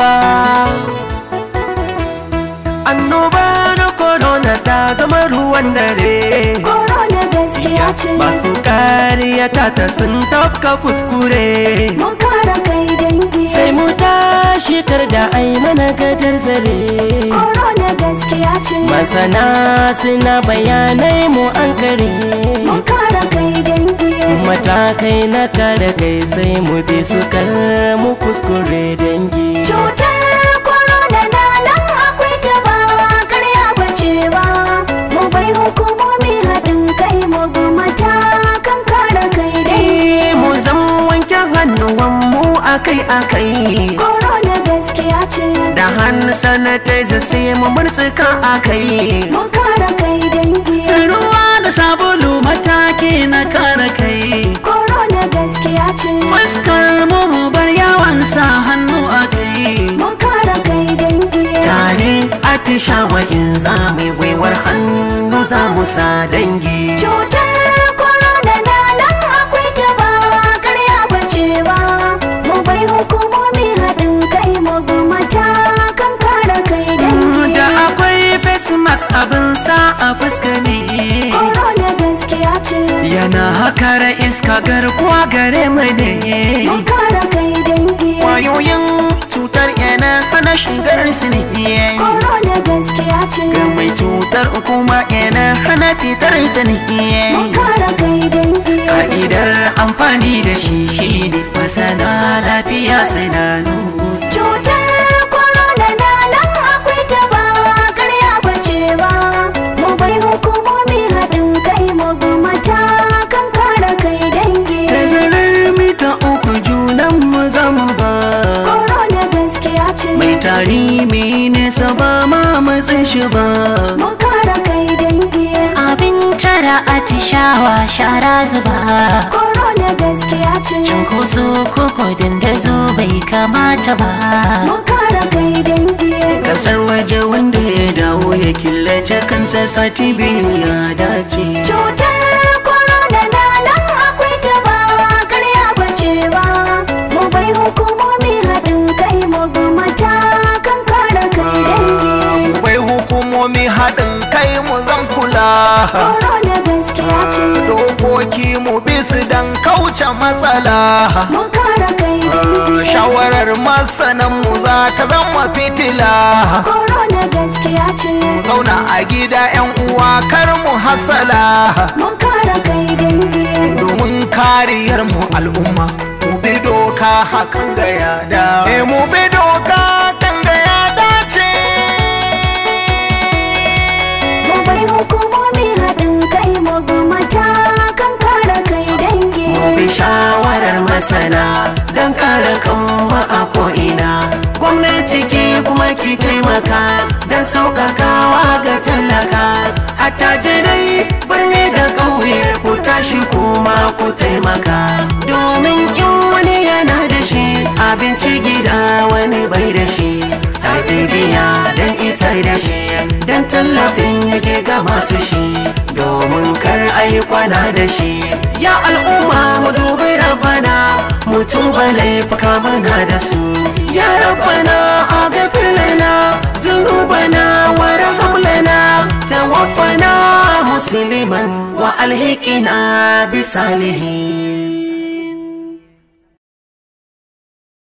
annoba annoba na corona ta zama ruwan dare corona gaskiya ce masu kariya ta ta sun tafka kuskure mun kara kai dangi sai mu tashi kar da ai mana gadar zare corona gaskiya ce masana suna bayanai mu an kare mun kara kai matakai na kare kai sai mu bi su kar kuskure dangi cutar corona na nan akwai ta ba karya bace ba mu bai hukumomi haɗin kai mu bi matakan kare kai dangi eh, mu zan wanke hannuwan mu akai akai corona gaskiya ce da hannu sanitizer sai mu murtsuka akai mu kare kai dangi ruwa da sabulu shawa'in za mu gwiwar hannu za mu sa dangi cutar corona na nan akwai ta ba karya bace ba mu bai hukumomi haɗin kai mu bi matakan kare kai dangi da akwai face mask abin sa a fuska ne corona gaskiya ce yana hakara iska garkuwa gare mu ne mu kare kai dangi kwayoyin cutar yana hana shigar sinihiyar kuma kenan hana fitar da nihiye ka'idar amfani da shi shi ne masana lafiya sananu cutar corona na nan akwai ta ba karya ba ba mu bai hukumomi haɗin kai mu bi matakan kare kai dangi da zarar mita uku junan mu zama ba corona gaskiya ce mai tari mai nesa ba ma matsin shi ba fara atishawa shara zuba korona gaskiya ce cunkoso koko dandazo bai kamata ba mun kai dangi kasar waje wanda ya dawo ya killace kansa sati biyu ya dace Ah, dokoki mu bisu dan kauce matsala ah, shawarar masanan mu za ta zama fitila mu zauna a gida yan uwa kar mu hasala domin kariyar mu al'umma mu bi doka hakan ga yada eh, maki taimaka don sauƙaƙawa ga tallaka attajirai birni da ƙauye ku tashi kuma ku taimaka domin in wani yana da shi abinci gida wani bai da shi bibiya don isar da shi don tallafin yake ga masu shi domin kar ayi kwana da shi ya al'umma mu dubi rabana mu tuba laifuka mana da su ya rabana kurbana warhamlana tawaffana musliman wa alhiqina bisalihi